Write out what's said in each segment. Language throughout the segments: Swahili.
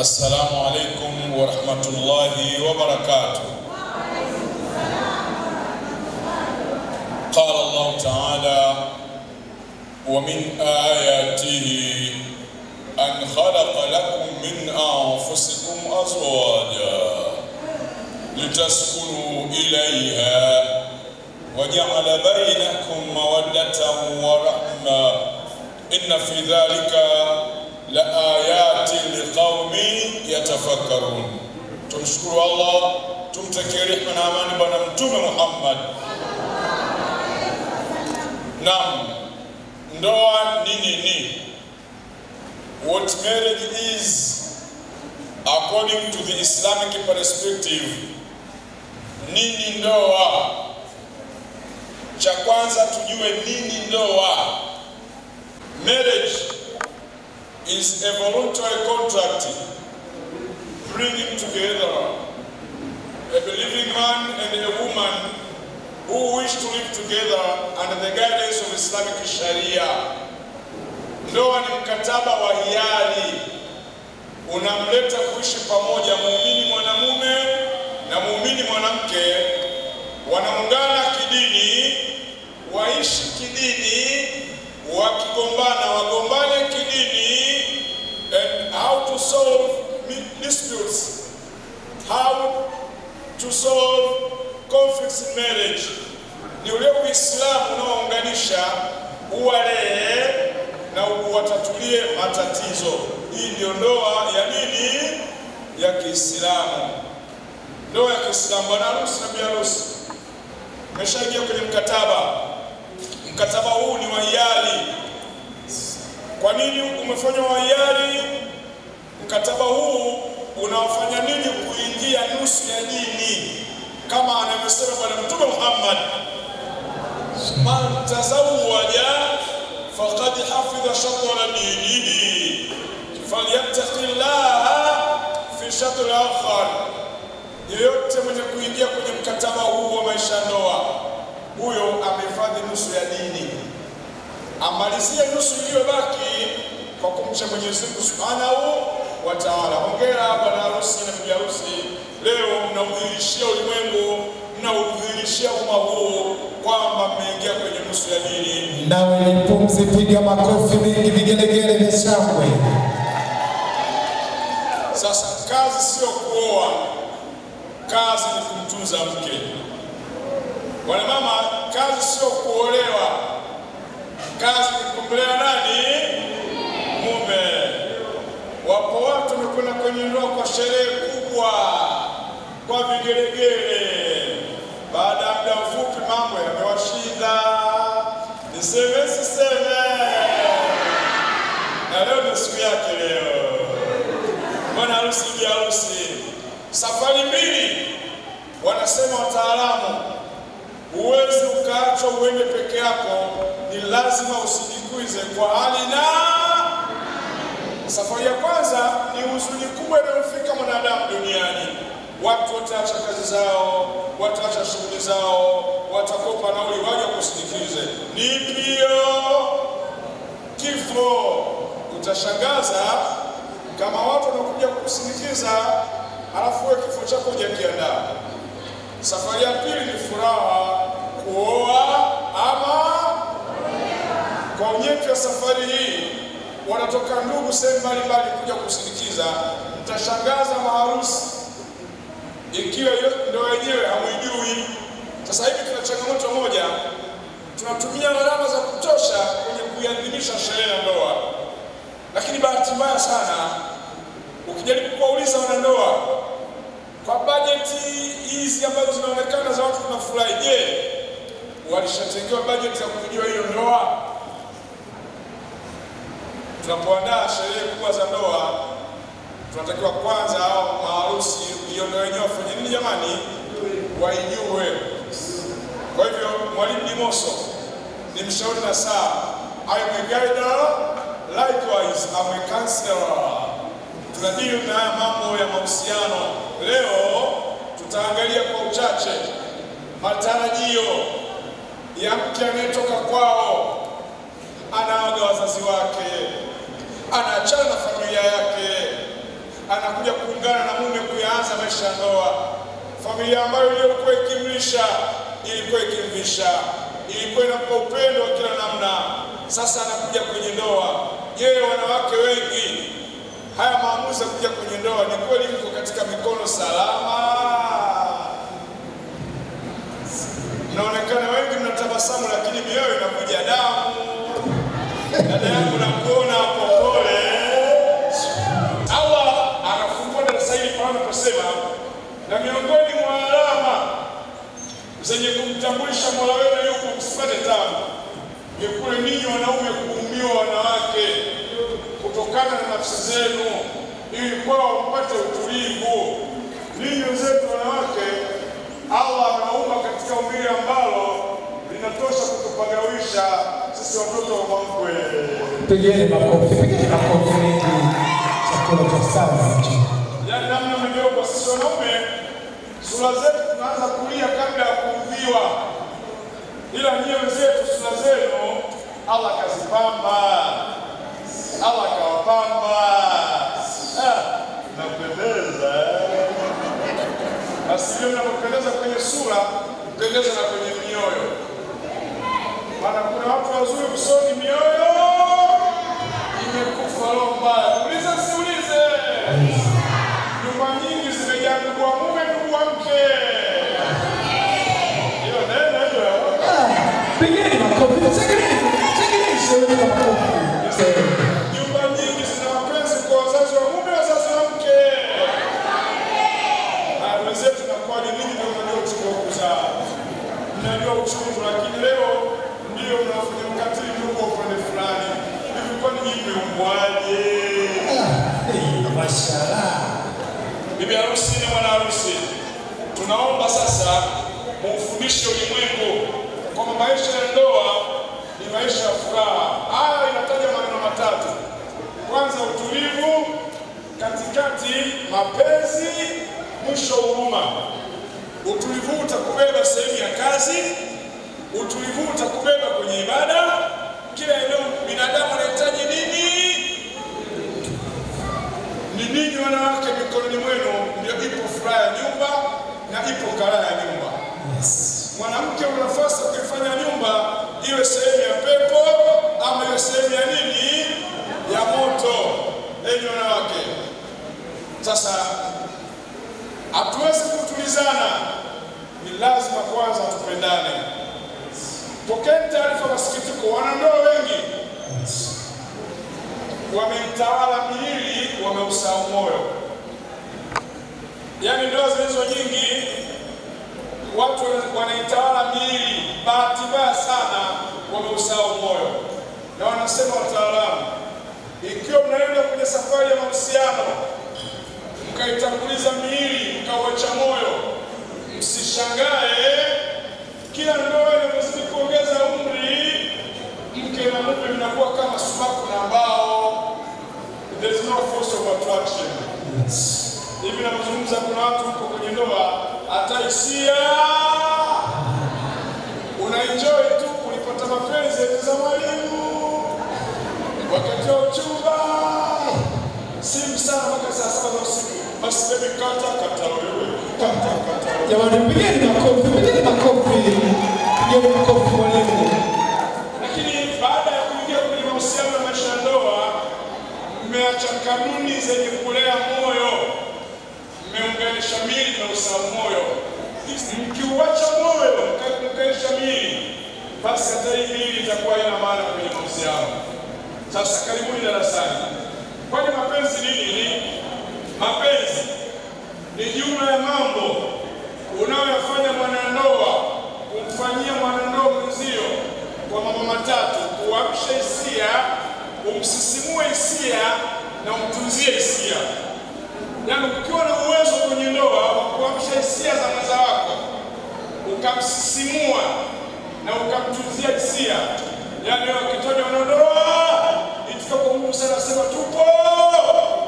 السلام عليكم ورحمة الله وبركاته قال الله تعالى ومن آياته أن خلق لكم من أنفسكم أزواجا لتسكنوا إليها وجعل بينكم مودة ورحمة إن في ذلك la ayati liqaumi yatafakkarun. Tumshukuru Allah, tumtakie rehema na amani Bwana Mtume Muhammad. Naam, ndoa ni nini? What marriage is according to the Islamic perspective. Nini ndoa? Cha kwanza tujue nini ndoa. Marriage is a voluntary contract bringing together a believing man and a woman who wish to live together under the guidance of Islamic Sharia. Ndoa ni mkataba wa hiari unamleta kuishi pamoja muumini mwanamume na muumini mwanamke, wanaungana kidini, waishi kidini, wakigombana wagombana solve disputes, how to solve conflicts in marriage. Ni ule Uislamu unaounganisha uwalee na uwatatulie matatizo. Hii ndiyo ndoa ya nini? Ya Kiislamu. Ndoa ya Kiislamu, bwana harusi na bi harusi meshaingia kwenye mkataba. Mkataba huu ni wa hiari. Kwa nini umefanywa wa hiari? Mkataba huu unawafanya ninyi kuingia nusu ya dini kama anavyosema Bwana Mtume Muhammad, man tazawwaja faqad hafidha shatra dinihi falyattaqi llaha fi shatri akhar, yeyote mwenye kuingia kwenye mkataba huu wa maisha ya ndoa, huyo amehifadhi nusu ya dini. Amalizie nusu iliyobaki kwa kumcha Mwenyezi Mungu subhanahu wa Taala. Hongera bwana harusi na bibi harusi, leo mnaudhihirishia ulimwengu, mnaudhihirishia umma huu kwamba mmeingia kwenye nusu ya dini. Nawe ni pumzi, piga makofi mengi, vigelegele vya shangwe. Sasa kazi sio kuoa, kazi ni kumtunza mke. Bwana mama, kazi sio kuolewa, kazi ni kumlea nani kwenda kwenye ndoa kwa sherehe kubwa, kwa vigelegele. Baada ya muda mfupi, mambo yamewashinda. Niseme siseme? Na leo ni siku yake, leo bwana harusi, bi harusi, safari mbili. Wanasema wataalamu, huwezi ukaachwa uende peke yako, ni lazima usijikuize kwa hali na Safari ya kwanza ni huzuni kubwa inayofika mwanadamu duniani. Watu wataacha kazi zao, wataacha shughuli zao, watakopa nauli waje kusindikize. Ni pia kifo. Utashangaza kama watu wanakuja kukusindikiza, halafu wewe kifo chako hujakiandaa. Safari ya pili ni furaha, kuoa ama kwa unyeti wa safari wanatoka ndugu sehemu mbalimbali kuja kusindikiza, mtashangaza maharusi ikiwa ndio yenyewe hamuijui. Sasa hivi tuna changamoto moja, tunatumia gharama za kutosha kwenye kuiadhimisha sherehe ya ndoa, lakini bahati mbaya sana ukijaribu kuwauliza wanandoa kwa bajeti hizi ambazo zinaonekana za watu tunafurahi, je, walishatengewa bajeti za kujua hiyo ndoa? tunapoandaa sherehe kubwa za ndoa, tunatakiwa kwanza au maharusi hiyo ndoa yenyewe wafanye nini jamani, waijue. Kwa hivyo Mwalimu Dimoso ni mshauri na saa I'm a likewise Tunadili na mambo ya mahusiano. Leo tutaangalia kwa uchache matarajio ya mke anayetoka kwao, anaaga wazazi wake anaachana na familia yake, anakuja kuungana na mume kuyaanza maisha ya ndoa. Familia ambayo iliyokuwa ikimlisha, ilikuwa ikimvisha, ilikuwa inampa upendo wa kila namna, sasa anakuja kwenye ndoa. Je, wanawake wengi, haya maamuzi ya kuja kwenye ndoa ni kweli mko katika mikono salama? naonekana wengi mnatabasamu, lakini mioyo inakuja damu dada yangu nakuona popole. Hawa anafungua darasa hili kwa anaposema, na miongoni mwa alama zenye kumtambulisha Mola wenu yuko msipate tabu, ni kule ninyi wanaume kuumiwa wanawake kutokana na nafsi zenu, ili kwao mpate utulivu. Ninyi wenzetu wanawake, Allah anauma katika umbile ambalo inatosha kutupagawisha sisi watoto wa Mangwe. Pigeni makofi, pigeni makofi mengi, chakula cha sawa hicho. Yaani namna mmegeuka, sisi wanaume sura zetu tunaanza kulia kabla ya kuudhiwa, ila nyie wenzetu sura zenu Allah kazipamba, Allah kawapamba ah, eh? basi asilia nakupendeza kwenye sura, pendeza na kwenye mioyo maana kuna watu wazuri usoni, mioyo imekufa roho mbaya. Ulize siulize, nyumba nyingi zimejaa ndugu wa mume, ndugu wa mke. Hiyo neno hilo, ah, pigeni makofi. kuujulisha ulimwengu kwa maisha ya ndoa ni maisha ya furaha. Aya inataja maneno matatu, kwanza utulivu, katikati mapenzi, mwisho huruma. Utulivu utakubeba sehemu ya kazi, utulivu utakubeba kwenye ibada. Kila eneo binadamu anahitaji nini? Ni wanawake, mikononi mwenu ndio ipo furaha ya nyumba na ipo karaha ya nyumba. Yes. Mwanamke unafasi kuifanya nyumba iwe sehemu ya pepo ama iwe sehemu ya nini, ya moto. Enyi wanawake, sasa hatuwezi kutulizana, ni lazima kwanza tupendane. Pokeni taarifa masikitiko, wanandoa wengi wamemtawala miili, wameusahau moyo, yaani ndoa zilizo nyingi watu wanaitawala miili, bahati mbaya sana wameusahau moyo. Na wanasema wataalamu, ikiwa mnaenda kwenye safari ya mahusiano mkaitanguliza miili mkauacha moyo, msishangae kila ndoa inavyozidi kuongeza umri, mke na mume mnakuwa kama sumaku na mbao. no force of attraction. Hivi navyozungumza, kuna watu huko kwenye ndoa ataishia. Unaenjoy tu kulipata mapenzi yetu za mwalimu wakati wa uchumba, simu sana mpaka saa saba za usiku. Basi bebe kata kata, wewe kata kata. Jamani, mpigeni makofi, mpigeni makofi, mpigeni makofi mwalimu. Lakini baada ya kuingia kwenye mahusiano ya maisha ya ndoa, mmeacha kanuni zenye mkaishamiri na usahau moyo, mkiuacha moyo mkaishamiri, basi hata hii miili itakuwa haina maana kwenye mahusiano. Sasa karibuni darasani. Kwani mapenzi nini? Mapenzi ni jumla ya mambo unayoyafanya mwanandoa kumfanyia mwanandoa mwenzio kwa mambo matatu: kuamsha hisia, kumsisimua hisia na umtunzie hisia. Yaani ukiwa na hisia za mwenza wako, ukamsisimua na ukamtunzia hisia, yani wakitoja wanandoa itikapo Mungu sana, sema tupo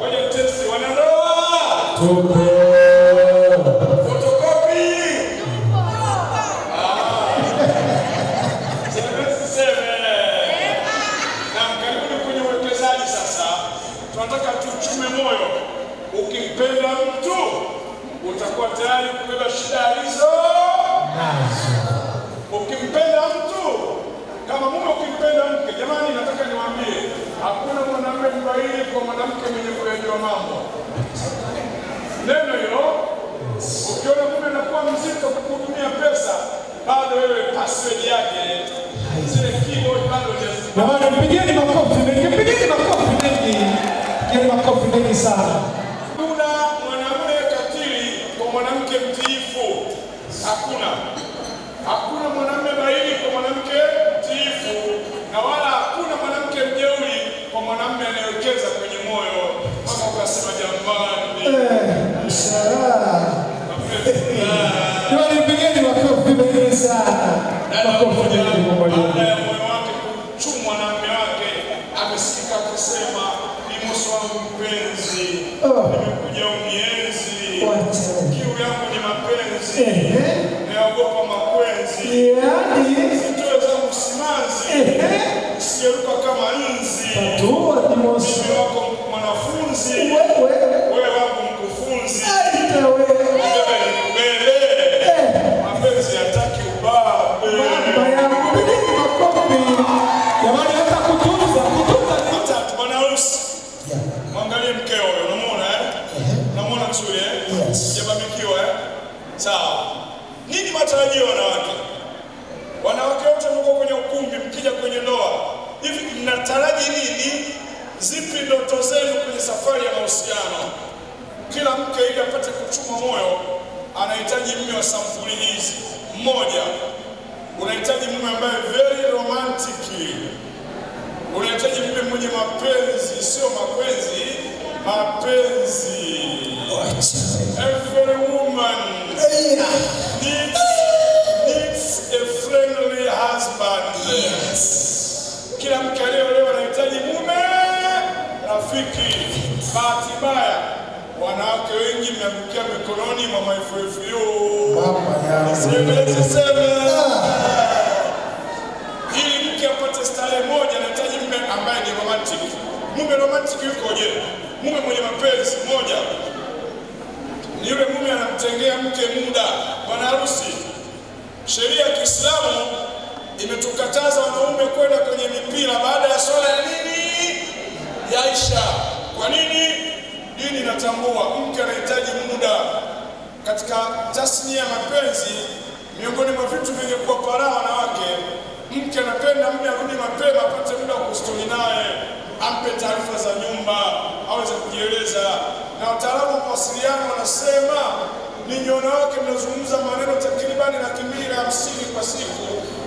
kwenye testi, wanandoa tupo kwa mwanamke mwenye kuelewa mambo. Neno hilo ukiona mume anakuwa mzito kukuhudumia pesa, bado wewe password yake zile keyboard bado jamani, mpigieni makofi mengi, mpigieni makofi mengi, mpigieni makofi mengi sana. Kuna mwanamume katili kwa mwanamke mtiifu? Hakuna. sana moyo wake kuchumwa na mume wake, amesikika akisema, ni wangu mpenzi, oh. nimekuja unienzi, kiu yangu ni mapenzi Bahati mbaya wanawake wengi mmeangukia mikononi mwa ah. apate stare moja anahitaji mume ambaye ni romantic. Mume romantic yukoje? Mume mwenye mapenzi moja ni yule mume anamtengea mke muda, bwana harusi. Sheria ya Kiislamu imetukataza wanaume kwenda kwenye mipira baada ya swala ya nini, ya Isha. Kwa nini? Dini inatambua mke anahitaji muda katika tasnia ya mapenzi. Miongoni mwa vitu vingekuwa paraa wanawake, mke anapenda muda arudi mapema, apate muda wa kustori naye, ampe taarifa za nyumba, aweze kujieleza. Na wataalamu wa mawasiliano wanasema ninyi wanawake mnazungumza maneno takribani laki mbili na hamsini kwa siku,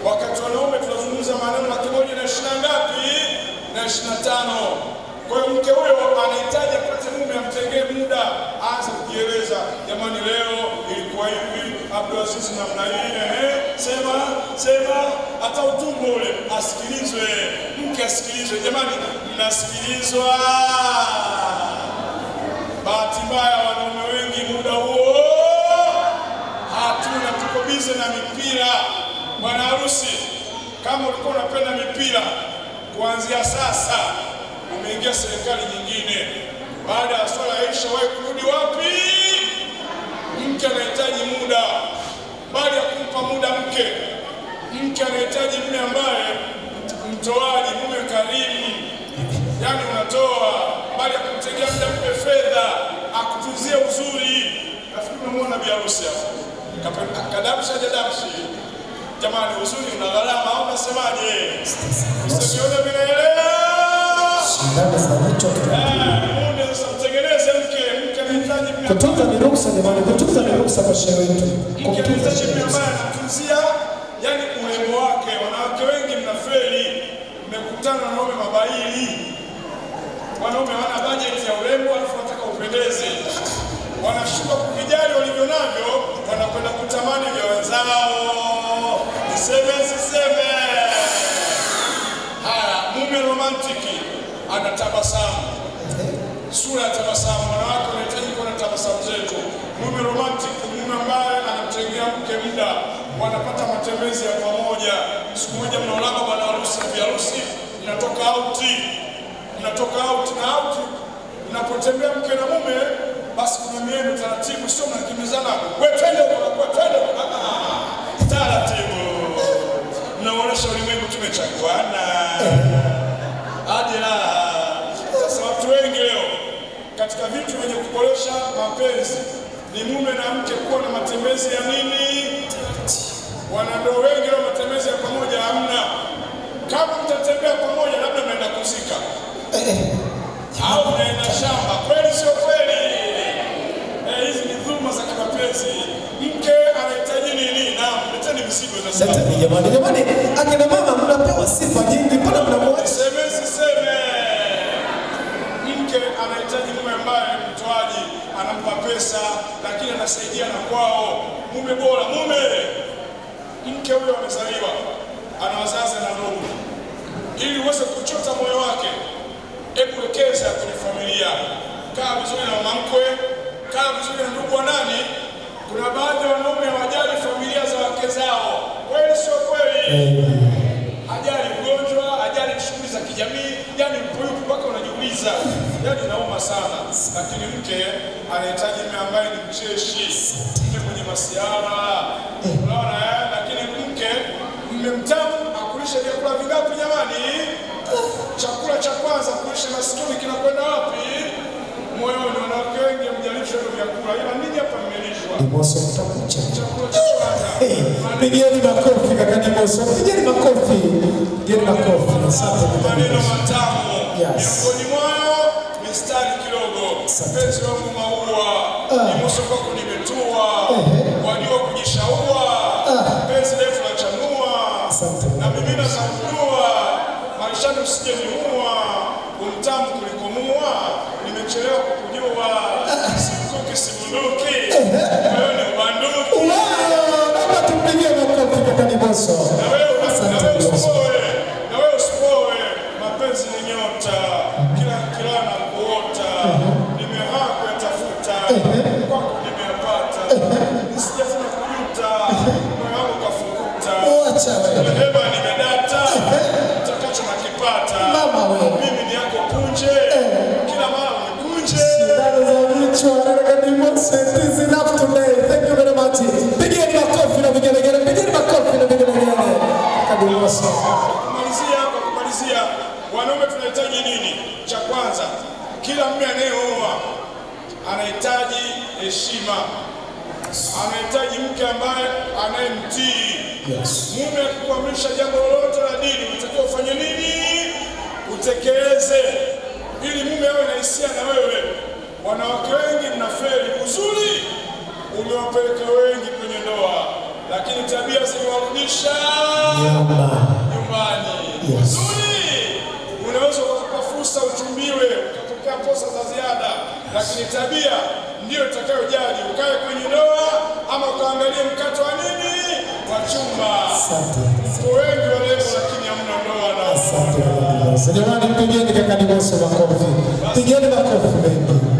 wakati wanaume tunazungumza maneno laki moja na ishirini na ngapi na ishirini na tano. Kwa hiyo mke huyo anahitaji kwanza mume amtengee muda, aanze kujieleza, jamani, leo ilikuwa hivi, Abdulaziz namna hii, eh, sema sema, hata utumbo ule asikilizwe, mke asikilizwe. Jamani, mnasikilizwa? Bahati mbaya wanaume wengi muda huo hatuna, tuko bize na mipira. Bwana harusi, kama ulikuwa unapenda mipira, kuanzia sasa imeingia serikali nyingine. Baada ya swala ya Aisha wewe kurudi wapi? Mke anahitaji muda. Baada ya kumpa muda mke, mke anahitaji mume ambaye mtoaji, mume karimu, yani unatoa. Baada ya kumtegea muda, mpe fedha akutuzie uzuri. Nafikiri umemwona bi harusi hapo, kadamsha jadamshi. Jamani, uzuri una gharama au unasemaje? Usione vinaelewa shindana sana hicho ah, kutunza ni ruksa jamani, kutunza ni ruksa kwa sherehe yetu. Kumtunza shemeji ambaye anatunzia yani urembo wake. Wanawake wengi mnafeli, mmekutana na wanaume mabaili, wanaume wana bajeti ya urembo, alafu wanataka upendeze, wanashindwa kuvijali walivyo navyo, wanakwenda kutamani vya wenzao. Niseme siseme? Haya, mume romantiki anatabasamu, sura ya tabasamu. Wanawake wanahitaji kuona tabasamu zetu. Mume romantic, mume ambaye anamtengea mke muda, wanapata matembezi ya pamoja. Siku moja mnaonana bwana harusi na biharusi, mnatoka auti mnatoka out na out. Mnapotembea mke na mume, basi kuna miendo taratibu, sio mnakimbizana, wewe twende kwa twende ah, ah, ah. taratibu, mnaonesha ulimwengu tumechaguana. vitu vyenye kuboresha mapenzi ni mume na mke kuwa na matembezi ya nini. Wanandoa wengi wa matembezi ya pamoja hamna. Kama mtatembea pamoja, labda mnaenda kuzika eh, eh. au mnaenda shamba, kweli sio kweli? Eh, hizi ni dhuma za kimapenzi. Mke anahitaji nini? Na leteni na sababu. Jamani, jamani, akina mama mnapewa sifa nyingi, pana mnamwacha anahitaji mume ambaye mtoaji, anampa pesa lakini anasaidia na kwao, mume bora. Mume mke huyo amezaliwa, ana wazazi na ndugu, ili uweze kuchota moyo wake, hebu wekeza kwenye familia. Kaa vizuri na mamkwe, kaa vizuri na ndugu wa nani. Kuna baadhi ya wanaume hawajali familia za wake zao, kweli sio kweli? Hajali ugonjwa, hajali shughuli za kijamii, yani mpuyuku mpaka giza, yaani nauma sana. Lakini mke anahitaji mume ambaye ni mcheshi, mke mwenye masiara, unaona eh? Lakini mke mmemtamu akulishe vyakula vingapi jamani? Chakula cha kwanza kulishe masikini kinakwenda wapi? Moyoni. Wanawake wengi mjalishwa hivyo vyakula, ila ninyi hapa mmelishwa mtakucha chakula cha kwanza. Pigeni makofi, kaka Nimoso, pigeni makofi, pigeni makofi. Asante, maneno matamu miongoni mwayo mistari kidogo. Mpenzi wangu maua ah. ni muso kwako nimetua, wajua kujishaua, ah. penzi letu lachanua na mimi nazaudua, maishani usije niua, umtamu kulikomua, nimechelewa kukujua, ah. simkuki simunduki, wewe ni ubanduki. Baba, makofi kwa Kaniboso. wanawake wengi mnafeli. Uzuri umewapeleka wengi kwenye ndoa, lakini tabia zimewarudisha nyumbani. Uzuri unaweza ukakupa fursa uchumbiwe, ukatokea posa za ziada, lakini tabia ndiyo itakayojali ukae kwenye ndoa ama ukaangalia mkato wa nini wa chumba. Mko wengi warefu, lakini hamna ndoa na jamani. Pigeni kaka Liwaso makofi, pigeni makofi mengi.